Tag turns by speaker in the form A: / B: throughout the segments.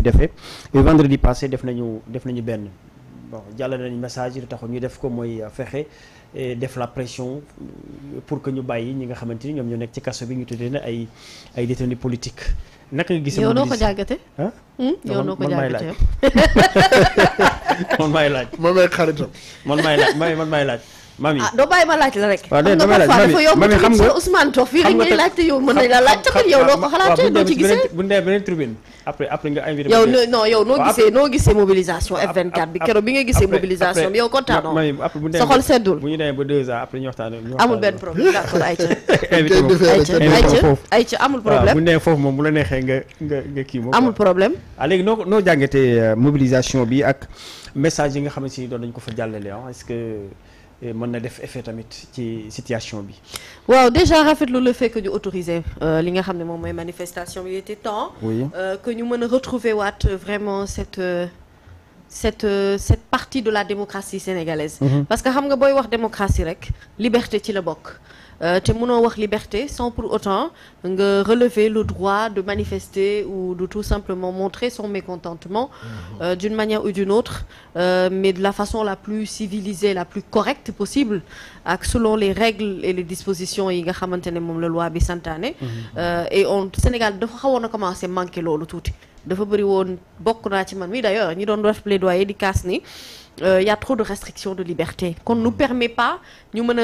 A: fi defee vendredi passé def nañu def nañu benn bon jàllale nañu message yi taxoon ñu def ko mooy euh, fexe def la pression euh, pour que ñu bàyyi ñi nga xamante ni ñoom ñoo nekk ci kaso bi ñu tuddee ne ay ay détenus politiques. naka nga gisee yow noo ko jàggate. ah
B: hmm? yow noo ko jàggate
A: man maay laaj man maay xaritam man maay laaj man maay laaj. mami ah
B: doo bàyyi ma laaj la rek. waaw déedéet damay laaj mami mami xam nga Ousmane toog fii rek ngay laaj te yow mën nañ la laaj tamit yow loo ko xalaatee doo ci gisee.
A: bu ñu demee beneen tribune après après nga invité. yow non yow noo gisee
B: noo gisee mobilisation F24 bi keroog bi nga gisee mobilisation bi yow kontaanoo. amul benn problème d'accord ayca.
A: ayca amul problème amul problème. ah léegi noo noo jàngatee euh, mobilisation bi ak message yi nga xamante si doon nañu ko fa jàllale ah est-ce mën na def effet tamit ci situation bi. waaw déjà rafetlu le fait
B: que ñu autorisé euh, li nga xam ne moom mooy manifestation bi il était temps. Euh, que ñu mën a retrouver waat vraiment cette euh, cette cette partie de la démocratie sénégalaise. Mm parce que xam nga booy wax démocratie rek liberté ci la bokk. Euh, te mënoo wax liberté sans pour autant nga relever le droit de manifester ou de tout simplement montrer son mécontentement mhm. euh, d'une manière ou d'une autre euh, mais de la façon la plus civilisée la plus correcte possible ak selon les règles et les dispositions yi nga xamante ne moom la loi bi santaane mhm. euh, et on Sénégal dafa xawoon a commencé manqué loolu tuuti dafa bëri woon bokk naa ci man mi d'ailleurs ñi doon def plaidoyer di kaas ni il euh, y trop de restrictions de liberté qu'on ne nous permet pas ñu mën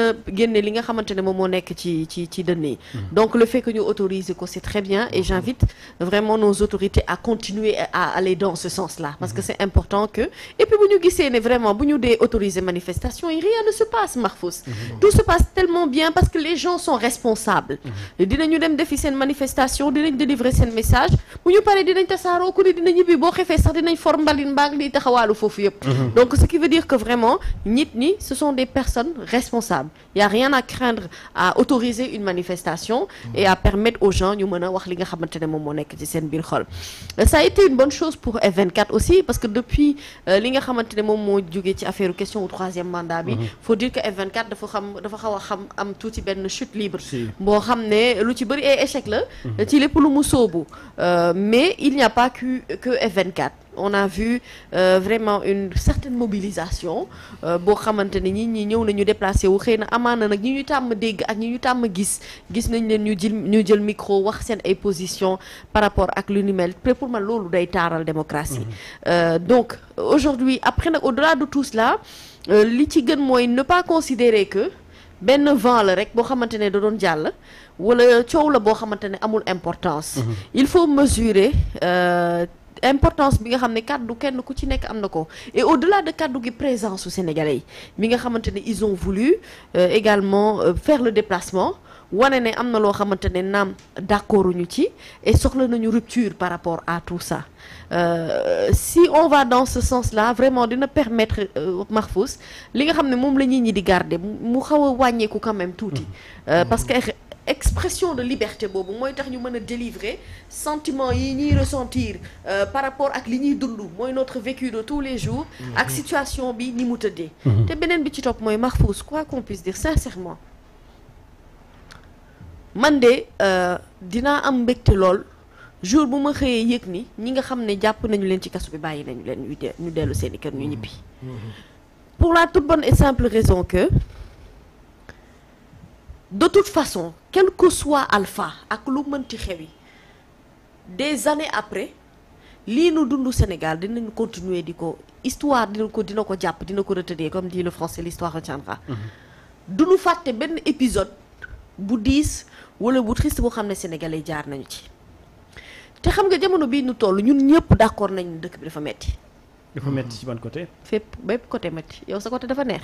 B: a li nga xamante ne moom moo nekk ci ci ci dënn yi mm-hmm. donc le fait que ñu autorise ko c'est très bien et j'invite vraiment nos autorités à continuer à aller dans que mm-hmm. c'est important que et puis bu ñu dee autoriser manifestation yi rien ne se passe Marfous mm-hmm. tout se passe tellement bien parce que les gens sont responsables dinañu dem defi seen manifestation dinañ délivrer seen message tasaaroo ku ne dina ñibbi boo xefee sax dinañ for mbalin mbaag liy taxawaalu foofu yëpp mhm. donc ce qui veut dire que vraiment nit ñi ce sont des personnes responsables y a rien à craindre à autoriser une manifestation et à permettre aux gens ñu mën a wax li nga xamante ne moom moo nekk ci seen biir xol ça a été une bonne chose pour F24 aussi parce que depuis euh, li nga xamante ne moom moo jógee ci affaire question au troisième mandat bi mhm. faut dire que F24 dafa xam a xam am tuuti benn chute libre ne lu ci bëri ay échec la mhm. ci lépp lu mu sóobu euh, pas que, que F24 on a vu euh, vraiment une certaine mobilisation euh, boo xamante ne ñi ñi ñëw nañu déplacé wu xëy na amaana nag ñi ñu tàmm dégg ak ñu ñu tàmm gis gis nañ leen ñu jël ñu jël micro wax seen ay position par rapport ak lu ni mel pour man loolu day taaral démocratie mhm. euh, donc aujourd'hui après nag au-delà de tout cela euh, li ci gën mooy ne pas considérer que benn vent la rek boo xamante ne da doon jàll wala coow la boo xamante ne amul importance. Mhm. il faut mesurer. Euh, importance bi nga xam ne kaddu kenn ku ci nekk am na ko et au-delà de kaddu gi présence su sénégalais yi bi nga xamante ne ils ont voulu euh, également euh, faire le déplacement wane ne am na loo xamante ne naam d'accord ñu ci et soxla nañu rupture par rapport à tout ça euh, si on va dans ce sens-là vraiment dina permettre euh, Mahfouz li nga xam ne moom la ñuy ñi di garder mu xaw a wàññeeku quand même tuuti mm-hmm. euh, parce que expression de liberté boobu mooy tax ñu mën a délivrer sentiment yi ñuy ressentir euh, par rapport ak li ñuy dund mooy notre vécu de tous les jours. ak mm-hmm. situation bi ni mu tëddee. Mm-hmm. te beneen bi ci topp mooy Mahfouz quoi qu'on puisse dire sincèrement. man de euh, dinaa am mbégte lool jour bu ma xëyee yëg ni ñi nga xam ne jàpp nañu leen ci kasu bi bàyyi nañu leen ñu dellu seen i kër ñu mm-hmm. ñibbi. Mm-hmm. pour la toute bonne et simple raison que de toute façon quel que soit alpha ak lu mënti xewi des années après lii nu dund Sénégal dinañ continuer di ko histoire dina ko dina ko jàpp dina ko retenir comme di le français l'histoire retiendra. Mm-hmm. du nu fàtte benn épisode bu diis. wala bu triste boo xam ne sénégalais jaar nañu ci te xam nga jamono bii nu toll ñun ñëpp d'accord nañ dëkk bi dafa metti
A: dafa metti ci ban côté
B: fépp bépp côté metti yow sa côté dafa neex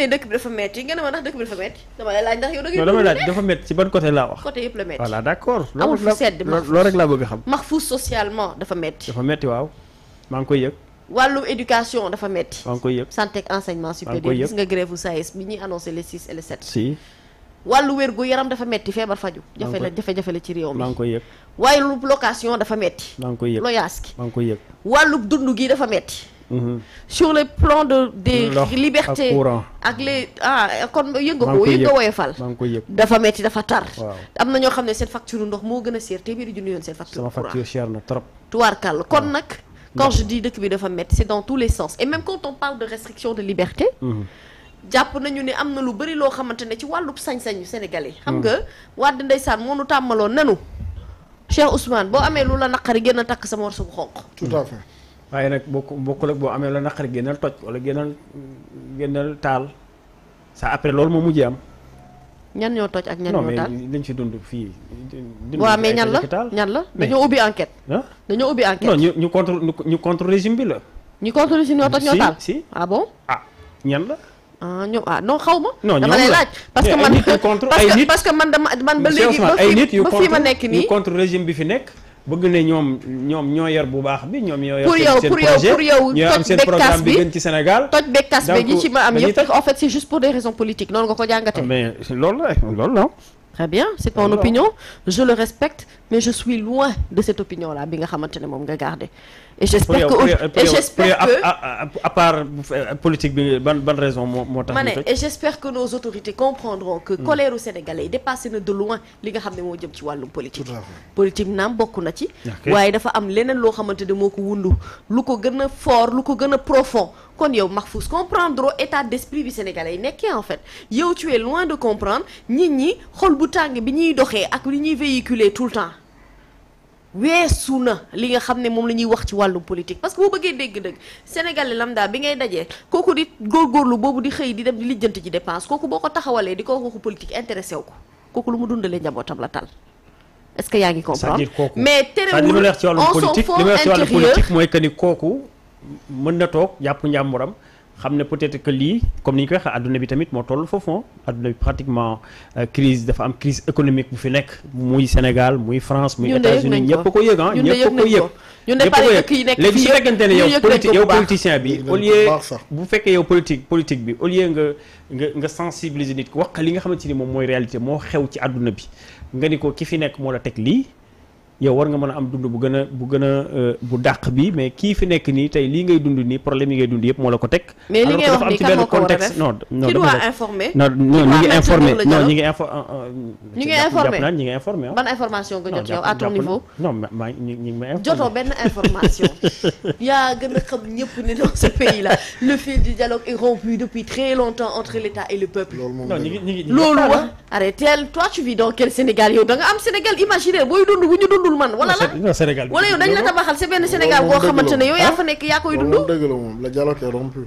B: ne dëkk bi dafa metti nga ne ma ndax dëkk bi dafa metti dama
A: ban côté laa wax. côté yëpp la metti waaw maa ngi yëg.
B: wàllu wér dafa metti feebar faju jafe jafe la ci réew mi maa ngi yëg. wàllu location dafa metti.
A: maa ngi yëg
B: wàllu dund gi dafa metti Mm-hmm. sur le plan de des libertés ak les ah kon yëngu ko yëngu woyofal dafa metti dafa tar am na ñoo xam ne seen facture ndox moo gën a seer téeméeri junni yoon seen facture courant sama
A: facture na trop
B: tuwaarkàll kon nag quand je dëkk bi dafa metti c'est dans tous les sens et même quand on parle de restriction de liberté mm-hmm. jàpp nañu ne am na lu bari loo xamante ne ci wàllu sañ-sañu sénégalais xam mm-hmm. nga Wade ndeysaan moo nu tàmmaloon nanu Cheikh Ousmane boo amee lu la naqari gën a takk sama morso
A: waaye nag bokk bokkul ak boo amee la naqari génnal toj wala génnal génnal taal sa après loolu moo mujjee am.
B: ñan ñoo toj ak ñan ñoo taal
A: non mais dund fii. dund waaw ñan la
B: ñan la dañoo ubbi enquête. dañoo ubbi enquête non ñu
A: ñu contre ñu contre régime bi la.
B: ñu contre régime ñoo toj ñoo taal si ah bon
A: ah ñan la.
B: ah ñoom ah non xaw ma. non dama lay laaj parce que man parce que man dama man ba léegi. ba fii ma nekk nii ay nit yu
A: contre régime bi fi nekk. bëgg ne ñoom ñoom ñoo yor bu baax bi ñoom ñoo yor seen pour yow pour yow ñoo am seen programme bi gën ci Sénégal toj beeg kas bi ci ma am yëpp en fait c'est juste
B: pour des raisons politiques noonu nga ko jàngate mais
A: loolu très bien c'est ton opinion
B: je le respecte mais je suis loin de cette opinion là bi nga xamante ne moom nga garder et j'espère que et j'espère
A: que à part euh, politique bi ban ban raison moo tax ma ne et
B: j'espère que nos autorités comprendront que hmm. colère u sénégalais yi dépassé na de loin li nga xam ne moo jëm ci wàllum politique politique naam bokk na ci waaye dafa am leneen loo xamante ne moo ko wundu lu ko gën a fort lu ko gën a profond kon yow Mahfouz comprendre état d'esprit bi sénégale yi nekkee en fait yow tu es loin de comprendre nit ñi xol bu tàng bi ñuy doxee ak li ñuy véhiculer tout le temps weesu na li nga xam ne moom la ñuy wax ci wàllum politique parce que boo bëggee dégg-dëgg sénégalais lambda bi ngay dajee kooku di góorgóorlu boobu di xëy di dem di lijjanti ci dépense kooku boo ko taxawalee di ko waxu politique intéressé wu ko kooku lu mu dundalee njabootam la tal est-ce que yaa ngi comprendre
A: mais terewul on s'en fout que ni kooku mën na toog jàpp njàmburam xam ne peut-être que lii comme ni ñu koy waxee adduna bi tamit moo toll foofu moom adduna bi pratiquement euh, crise dafa am crise économique bu fi nekk muy Sénégal muy France muy États-Unis ñëpp ko yëg ah ñëpp ko yëg ñëpp ko yëg léegi su fekkente ne yow politique yow politicien bi au lieu bu fekkee yow politique bi au lieu nga nga nga sensibiliser nit ko wax li nga xamante ni moom mooy réalité moo xew ci adduna bi nga ni ko ki fi nekk moo la teg lii yow war nga mën a am dund bu gën a bu gën a euh, bu dàq bi mais kii fi nekk nii tey lii ngay dund nii problème yi ngay dund yëpp moo la ko teg. mais li ngay wax nii kan moo ko war a def non non ki doit informer. non non nga jot yow
B: benn information. yaa gën a xam ñëpp ne dans ce pays là le fil du dialogue est rompu depuis très longtemps entre l'État et le peuple. loolu moom loolu wax arrêtez toi tu vis dans quel Sénégal yow da am Sénégal imaginaire booy dund bu ñu dund dundul man wala la
A: Sénégal wala yow dañ la
B: tabaxal si benn Sénégal boo xamante yow yaa fa nekk yaa koy dund
A: la moom rompu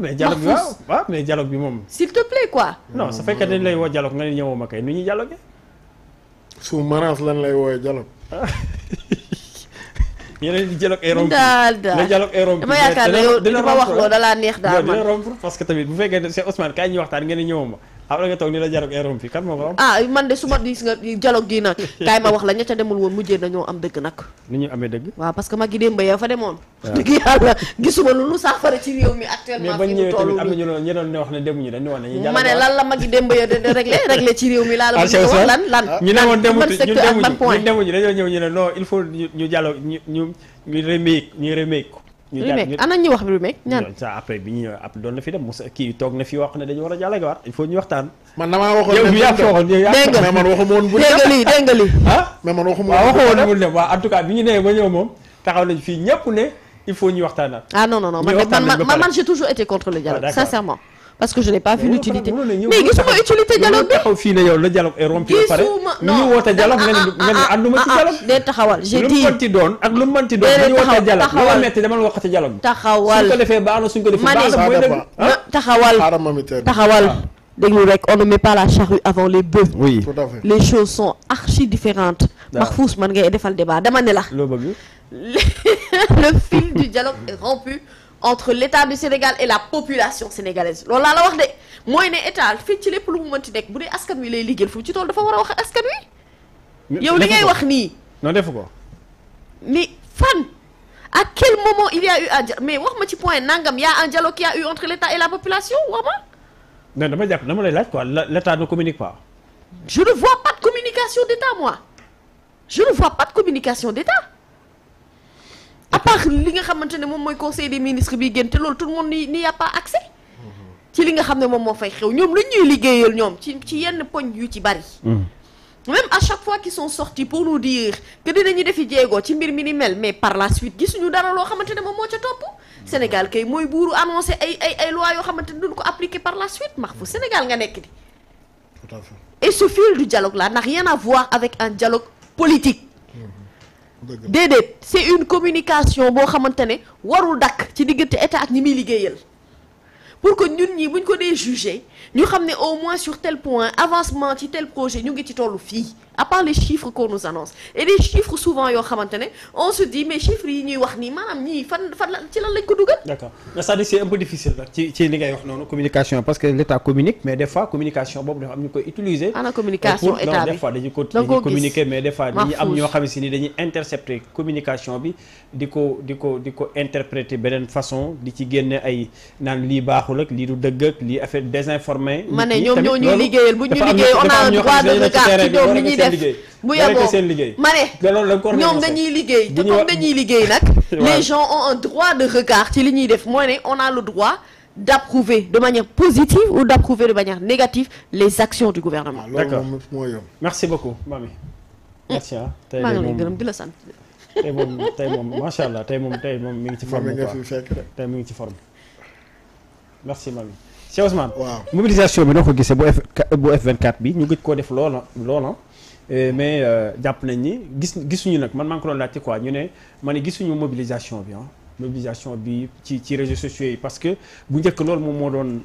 A: mais dialogue bi waaw mais dialogue bi moom s'il
B: te quoi non su dañ lay
A: woo dialogue nga ne ñëwoo ma kay nu ñuy su marance lan lay wooyee dialogue yeneen di dialogue ay romb daal daal la dialogue ay romb dama yaakaar ne yow dina ma parce que tamit bu fekkee ne c'est Ousmane kaay waxtaan ngeen ne ñëwoo ma après nga toog ni la dialogue est rompu kan moo ko
B: am. ah woon mujjee am dëgg nag. ni ñu amee dëgg. waaw que ma gi démb ya fa demoon. waaw ah. dëgg yàlla gisuma lu lu saafara ci réew mi actuellement. na ñu ne
A: demuñu ne ñu. ñu ah,
B: wax lan ñu ne woon demuñu ñu
A: demuñu ñu ñu ne non il faut ñu ñu ñu ñu remake ñu remake Lumek ana
B: ñu wax Lumek ñaan
A: sa après bi ñu après doon na fi dem Moussa kii toog na fi wax ne dañu war a jàllale waat il faut ñu waxtaan man damaa waxoon waxuma woon bu dégg nga lii dégg lii ah mais man waxuma woon bu dem waaw en tout cas bi ñu nee ba ñëw moom taxaw nañ fii ñëpp ne il faut ñu waxtaanaat
B: ah, non non man man man j'ai toujours été contre le dialogue ah, sincèrement parce que je n'ai pas vu l'utilité mais gisuma
A: utilité dialogue bi taxaw fii ne yow la dialogue est rompu ba pare ñu ah, ne ah, ah, ànduma ci dialogue dee taxawal j'ai dit lu mu mënti doon ak lu mu mënti doon ñu woote dialogue la dialogue taxawal suñ ko defee baax na suñ ko taxawal taxawal déglu rek on ne pas la charrue avant les bœufs les
B: choses sont archi différentes Mahfous man ngay defal débat dama ne la le fil du dialogue est rompu entre l'état du Sénégal et la population sénégalaise loolu laa la wax de mooy ne état fii ci lépp lu mu mënti nekk bu dee askan wi lay liggéeyal fu mu ci toll dafa war a wax askan wi.
A: yow li ngay wax nii. non defu ko.
B: ni fan. à quel moment il y a eu un mais wax ma ci point nangam y a un dialogue qui a eu entre l'état et la population wax ma.
A: non dama jàpp dama lay laaj quoi l'état ne communique pas.
B: je ne vois pas de communication d'état moi je ne vois pas de communication d'état. tax li nga xamante ne moom mooy conseil des ministres bi gën te loolu tout le ni n'y a accès mm-hmm. ci li nga xam ne moom moo fay xew ñoom lu ñuy liggéeyal ñoom ci ci yenn poñ yu ci bari mm-hmm. même à chaque fois qu'ils son sortis pour nous dire que ñu defi jéego ci mbir mi ni mel mais par la suite gisuñu dara loo xamante ne moom moo ca topp mm-hmm. Sénégal kay mooy buuru annoncé ay ay ay loi yoo xamante ne duñ ko appliquer par la suite max fu Sénégal nga nekk di et ce fil du dialogue là n'a rien à avec un dialogue politique déedéet c'est une communication boo xamante ne warul dakk ci diggante état ak ñi muy liggéeyal pour que ñun ñi buñ ko dee juger ñu xam ne au moins sur tel point avancement ci tel projet ñu ngi ci tollu fii à part les chiffres qu'on nous annonce et les chiffres yoo xamante on se dit mais chiffres yi ñuy wax nii maanaam ñii fan fan la ci lan lañ ko dugal.
A: ci li ngay wax noonu communication parce que l'État communique mais des communication boobu dafa am ñu koy utiliser. ana ko dañuy ni dañuy intercepter communication bi di ko di ko di ko interpréter beneen façon di ci génne ay naan lii baaxul ak lii du dëgg ak lii affaire désinformé. ma ne ñoom ñoo ñuy liggéeyal bu ñu liggéeyal on a def bu yaboo ma ne ñoom dañuy
B: liggéey te comme dañuy liggéey nag les gens ont un droit de regard ci li ñuy def mooy ne on a le droit d'approuver de manière positive ou d'approuver de manière négative
A: les actions du gouvernement merci beaucoup Mamy merci ah tey la sant tey moom tey moom macha allah tey moom tey moom mi ngi ci forme quoi tey mi ngi ci forme merci Mamy Cheikh Ousmane waaw mobilisation bi noo ko gisee bu F bu f bi ñu gëj koo def loola loola Euh, mais euh, jàpp nañ ni gis gisuñu nag man maa ngi ko doon laajte quoi ñu ne ma ne gisuñu mobilisation bi a ah. mobilisation bi ci ci réseaux sociaux yi parce que bu njëkk loolu moom moo doon